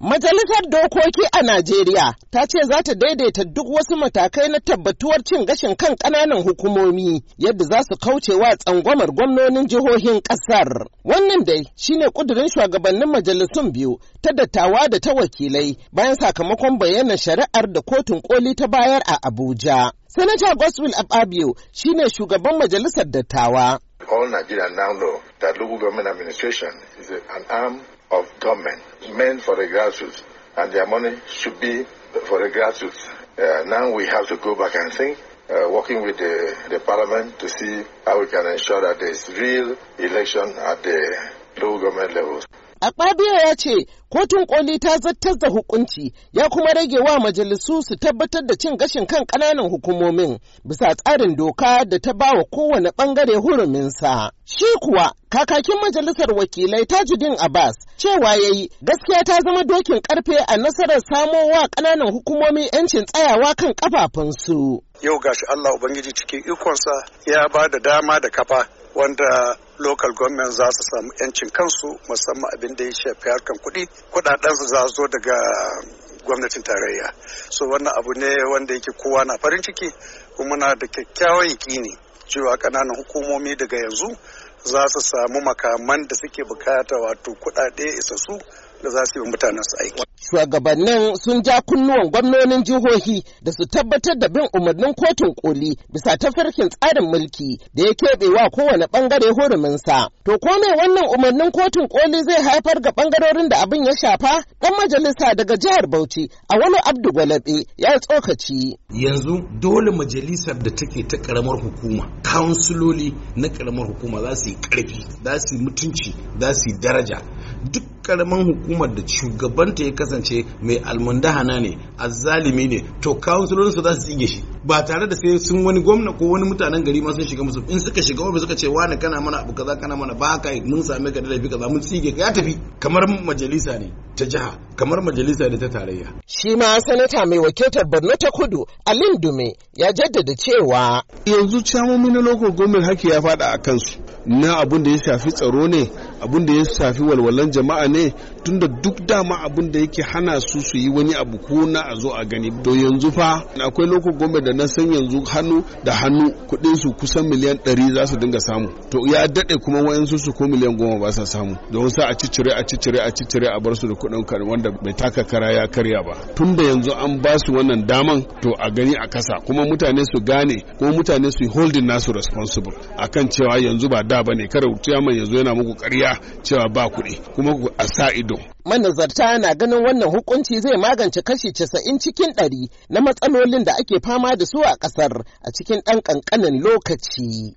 Majalisar Dokoki a Najeriya ta ce za ta daidaita duk wasu matakai na tabbatuwar cin gashin kan ƙananan hukumomi yadda za su wa tsangwamar gwamnonin jihohin ƙasar. Wannan dai shine ƙudurin shugabannin majalisun biyu ta dattawa da ta wakilai bayan sakamakon bayanan shari'ar da kotun koli ta bayar a Abuja. Sanata Goswill Ababio shine shugaban majalisar dattawa. All Nigeria now know that local government administration is an arm of government, meant for the grassroots, and their money should be for the grassroots. Uh, now we have to go back and think, uh, working with the, the parliament to see how we can ensure that there is real election at the local government levels. Akpabio ya ce kotun koli ta zartar da hukunci ya kuma rage wa majalisu su tabbatar da cin gashin kan ƙananan hukumomin bisa tsarin doka da ta ba wa kowane ɓangare huruminsa. Shi kuwa kakakin majalisar wakilai Tajudin Abbas cewa ya yi gaskiya ta zama dokin karfe a nasarar samo wa ƙananan hukumomin 'yancin tsayawa kan kafafunsu. Yau gashi Allah Ubangiji cikin ikonsa ya ba da dama da kafa wanda local government za su samu 'yancin kansu musamman abin da ya shafi harkan kuɗi kuɗaɗen su za zo daga gwamnatin tarayya so wannan abu ne wanda yake kowa na farin ciki kuma na da kyakkyawan yakini cewa ƙananan hukumomi daga yanzu za su samu makaman da suke bukata wato kuɗaɗe isassu da za su yi mutanen su aiki. Shugabannin sun ja kunnuwan gwamnonin jihohi da su tabbatar da bin umarnin kotun koli bisa tafarkin tsarin mulki da ya keɓe wa kowane ɓangare huruminsa. To ko ne wannan umarnin kotun koli zai haifar ga ɓangarorin da abin ya shafa? Ɗan majalisa daga jihar Bauchi a wani Abdu Gwalabe ya tsokaci. Yanzu dole majalisar da take ta ƙaramar hukuma, kansuloli na ƙaramar hukuma za su yi ƙarfi, za su yi mutunci, za su yi daraja. Duk karamin hukumar da shugabanta ya kasance mai almundahana ne azzalimi ne to kawunsulolin su za su tsige shi ba tare da sai sun wani gwamna ko wani mutanen gari ma sun shiga musu in suka shiga wani suka ce wani kana mana abu kaza kana mana ba ka mun same ka da laifi kaza mun tsige ka ya tafi kamar majalisa ne ta jiha kamar majalisa ne ta tarayya. Shi ma sanata mai wakiltar Borno ta Kudu Alin Dume ya jaddada cewa. Yanzu camomi na local government haki ya fada a kansu na abun da ya shafi tsaro ne abun da ya safi walwalan jama'a ne tun da duk dama abun da yake hana su su yi wani abu ko na a zo a gani to yanzu fa akwai lokacin gome da na san yanzu hannu da hannu kuɗin su kusan miliyan ɗari za su dinga samu to ya daɗe kuma wayansu su ko miliyan goma ba sa samu don sa a cicire a cicire a cicire a bar su da kuɗin wanda bai taka kara ya karya ba Tun da yanzu an ba su wannan daman to a gani a kasa kuma mutane su gane ko mutane su holding nasu responsible akan cewa yanzu ba da bane kada man yanzu yana muku ƙarya cewa ba kuɗi kuma a sa ido. Manazarta na ganin wannan hukunci zai magance kashi casa'in cikin ɗari na matsalolin da ake fama da su a ƙasar a cikin ɗan ƙanƙanin lokaci.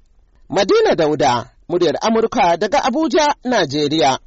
Madina Dauda, muryar Amurka daga Abuja, Najeriya.